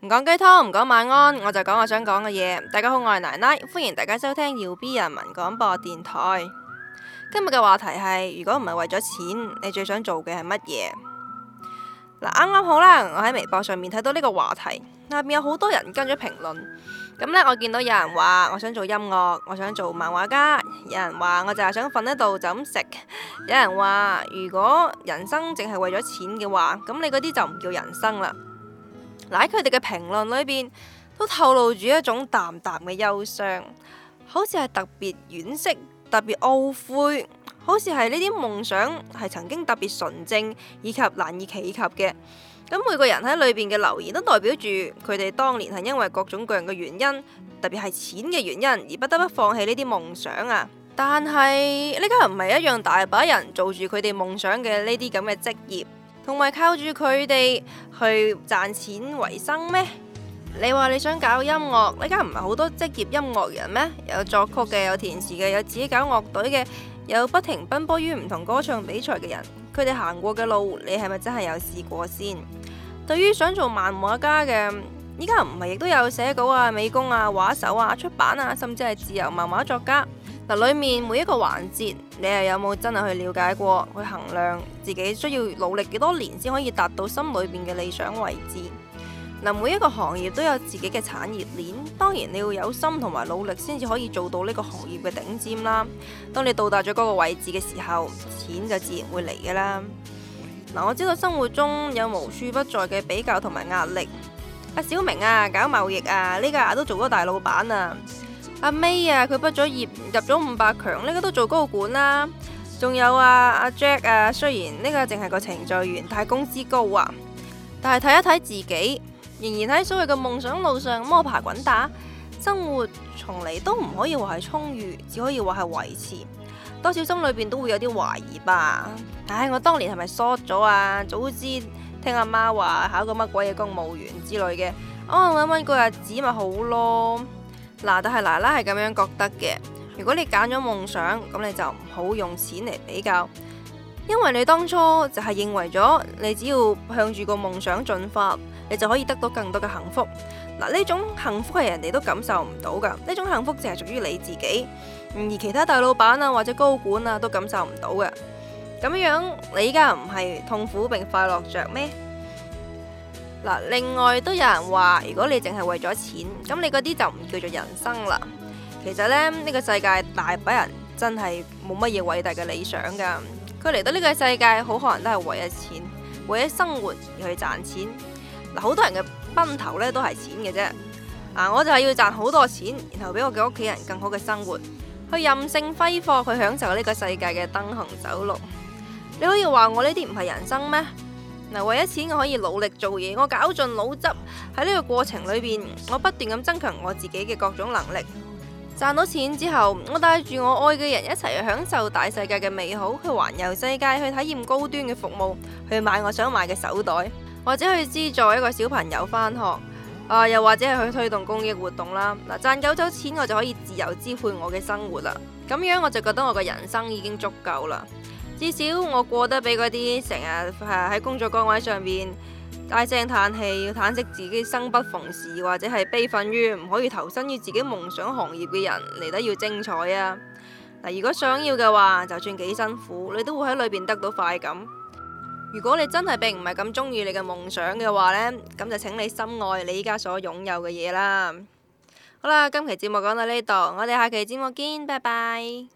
唔講雞湯，唔講晚安，我就講我想講嘅嘢。大家好，我係奶奶，歡迎大家收聽搖 B 人民廣播電台。今日嘅話題係，如果唔係為咗錢，你最想做嘅係乜嘢？嗱，啱啱好啦，我喺微博上面睇到呢個話題，下面有好多人跟咗評論。咁呢，我見到有人話我想做音樂，我想做漫畫家。有人話我就係想瞓喺度就咁食。有人話如果人生淨係為咗錢嘅話，咁你嗰啲就唔叫人生啦。嗱，佢哋嘅評論裏邊都透露住一種淡淡嘅憂傷，好似係特別惋惜、特別懊悔，好似係呢啲夢想係曾經特別純正以及難以企及嘅。咁每個人喺裏邊嘅留言都代表住佢哋當年係因為各種各樣嘅原因，特別係錢嘅原因而不得不放棄呢啲夢想啊！但係呢家人唔係一樣大把人做住佢哋夢想嘅呢啲咁嘅職業，同埋靠住佢哋去賺錢為生咩？你話你想搞音樂，依家唔係好多職業音樂人咩？有作曲嘅，有填詞嘅，有自己搞樂隊嘅，有不停奔波於唔同歌唱比賽嘅人。佢哋行過嘅路，你係咪真係有試過先？對於想做漫畫家嘅，依家唔係亦都有寫稿啊、美工啊、畫手啊、出版啊，甚至係自由漫畫作家。嗱，裏面每一個環節，你又有冇真係去了解過，去衡量自己需要努力幾多年先可以達到心裏邊嘅理想位置？嗱，每一個行業都有自己嘅產業鏈，當然你要有心同埋努力先至可以做到呢個行業嘅頂尖啦。當你到達咗嗰個位置嘅時候，錢就自然會嚟嘅啦。嗱，我知道生活中有無處不在嘅比較同埋壓力。阿小明啊，搞貿易啊，呢家都做咗大老闆啊！阿 May 啊，佢畢咗業入咗五百強，而家都做高管啦、啊。仲有啊，阿 Jack 啊，雖然呢個淨係個程序員，但係工資高啊。但係睇一睇自己，仍然喺所謂嘅夢想路上摸爬滾打，生活從嚟都唔可以話係充裕，只可以話係維持。多少心裏邊都會有啲懷疑吧。唉、哎，我當年係咪 short 咗啊？早知聽阿媽話考個乜鬼嘅公務員之類嘅，我安安穩穩過日子咪好咯。嗱，但係奶奶係咁樣覺得嘅。如果你揀咗夢想，咁你就唔好用錢嚟比較，因為你當初就係認為咗，你只要向住個夢想進發，你就可以得到更多嘅幸福。嗱，呢種幸福係人哋都感受唔到噶，呢種幸福淨係屬於你自己，而其他大老闆啊或者高管啊都感受唔到嘅。咁樣，你依家唔係痛苦並快樂着咩？嗱，另外都有人話，如果你淨係為咗錢，咁你嗰啲就唔叫做人生啦。其實咧，呢、呢個世界大把人真係冇乜嘢偉大嘅理想噶。佢嚟到呢個世界，好可能都係為咗錢，為咗生活而去賺錢。嗱，好多人嘅奔頭咧都係錢嘅啫。嗱，我就係要賺好多錢，然後俾我嘅屋企人更好嘅生活，去任性揮霍，去享受呢個世界嘅燈紅酒綠。你可以話我呢啲唔係人生咩？嗱，為咗錢我可以努力做嘢，我搞盡腦汁喺呢個過程裏邊，我不斷咁增強我自己嘅各種能力。賺到錢之後，我帶住我愛嘅人一齊去享受大世界嘅美好，去環遊世界，去體驗高端嘅服務，去買我想買嘅手袋，或者去資助一個小朋友返學，啊，又或者係去推動公益活動啦。嗱，賺夠咗錢，我就可以自由支配我嘅生活啦。咁樣我就覺得我嘅人生已經足夠啦。至少我過得比嗰啲成日喺工作崗位上面大聲嘆氣、要嘆息自己生不逢時或者係悲憤於唔可以投身於自己夢想行業嘅人嚟得要精彩啊！嗱，如果想要嘅話，就算幾辛苦，你都會喺裏邊得到快感。如果你真係並唔係咁中意你嘅夢想嘅話呢，咁就請你深愛你依家所擁有嘅嘢啦。好啦，今期節目講到呢度，我哋下期節目見，拜拜。